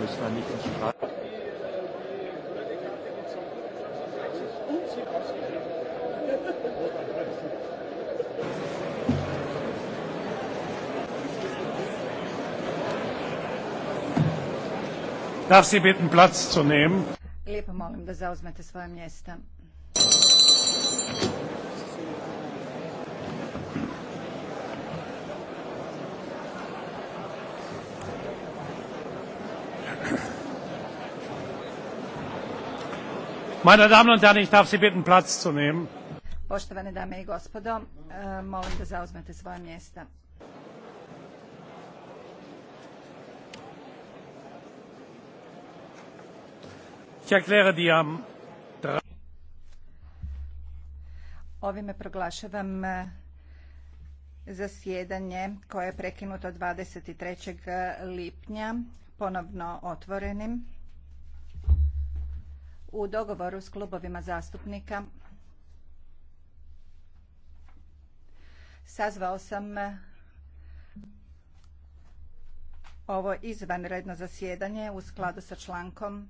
müssen dann nicht ins Streit. Darf Sie bitten, Platz zu nehmen? Lijepo molim da zauzmete svoje mjesta. Meine Damen und Herren, ich darf Sie bitten, Platz zu nehmen. Poštovane dame i gospodo, e, molim da zauzmete svoje mjesta. Ovime proglašavam e, zasjedanje koje je prekinuto 23. lipnja ponovno otvorenim u dogovoru s klubovima zastupnika sazvao sam e, ovo izvanredno zasjedanje u skladu sa člankom